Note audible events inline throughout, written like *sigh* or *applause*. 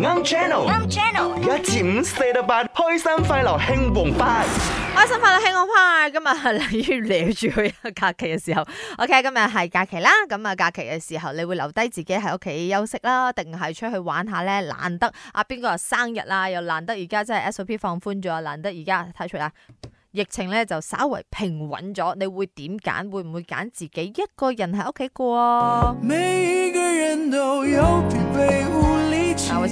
啱 channel，啱 'm channel，一至五四到八，8, 開心快樂興旺派。開心快樂興旺派，今日係例如住住去假期嘅時候。OK，今日係假期啦，咁啊假期嘅時候，你會留低自己喺屋企休息啦，定係出去玩下咧？難得啊，邊個生日啦？又難得而家真係 SOP 放寬咗，難得而家睇出啦，疫情咧就稍為平穩咗，你會點揀？會唔會揀自己一個人喺屋企過啊？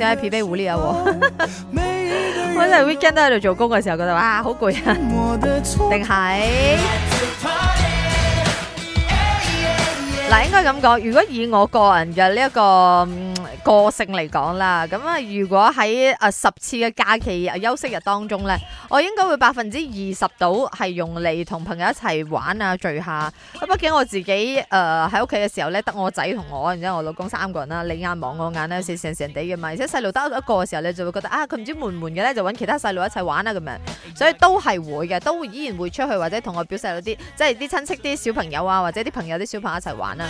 真係疲憊無力啊！我，我真係 weekend 都喺度做工嘅時候覺得哇好攰啊，定 *laughs* 係？應該咁講，如果以我個人嘅呢一個、嗯、個性嚟講啦，咁啊，如果喺誒十次嘅假期休息日當中咧，我應該會百分之二十到係用嚟同朋友一齊玩啊聚下。咁畢竟我自己誒喺屋企嘅時候咧，得我仔同我，然之後我老公三個人啦，你眼望我眼有時成成成地嘅嘛。而且細路得一個嘅時候咧，你就會覺得啊，佢唔知悶唔悶嘅咧，就搵其他細路一齊玩啊咁樣。所以都係會嘅，都依然會出去或者同我表細佬啲，即係啲親戚啲小朋友啊，或者啲朋友啲小朋友一齊玩啦。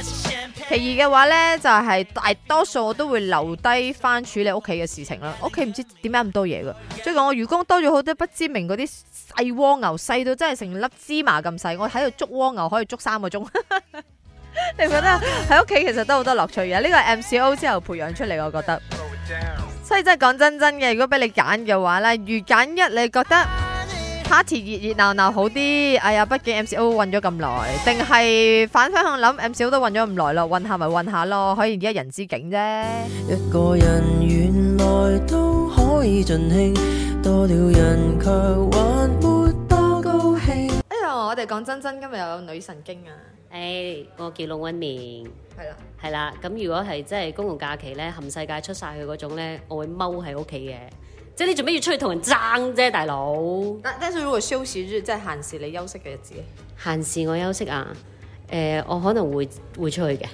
其二嘅話呢，就係、是、大多數我都會留低翻，處理屋企嘅事情啦。屋企唔知點解咁多嘢噶，最近我魚缸多咗好多不知名嗰啲細蝸牛，細到真係成粒芝麻咁細。我喺度捉蝸牛可以捉三個鐘， *laughs* 你唔覺得喺屋企其實都好多樂趣嘅。呢個 M C O 之後培養出嚟，我覺得。所以真係講真真嘅，如果俾你揀嘅話咧，魚揀一，你覺得？Party 熱熱鬧鬧好啲，哎呀，畢竟 MCO 混咗咁耐，定係反方向諗，MCO 都混咗咁耐咯，混下咪混下咯，可以一人之境啫。一個人原來都可以盡興，多了人卻還沒多高興。哎呀，我哋講真真，今日又有女神經啊！誒，我叫龍溫綿，係啦，係啦。咁如果係即係公共假期咧，冚世界出晒去嗰種咧，我會踎喺屋企嘅。即係你做咩要出去同人爭啫、啊，大佬？但但係如果休息日即係閒時，你休息嘅日子，閒時我休息啊？誒、呃，我可能會會出去嘅，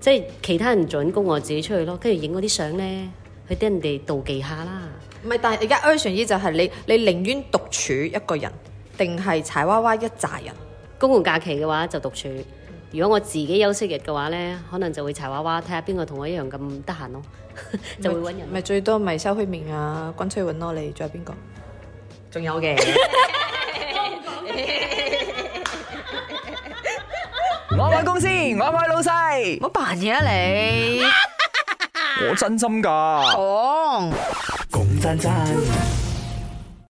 即係其他人準工我自己出去咯，跟住影嗰啲相咧，去啲人哋妒忌下啦。唔係，但係而家阿雪姨就係你，你寧願獨處一個人，定係柴娃娃一紮人？公共假期嘅話就獨處。如果我自己休息日嘅話咧，可能就會柴娃娃睇下邊個同我一樣咁得閒咯， *laughs* 就會搵人。咪最多咪收虛名啊，吹脆搵你仲有邊個？仲有嘅。我位公司，我位老細。我扮嘢啊你！我真心㗎。哦、oh,，講真真。 *laughs*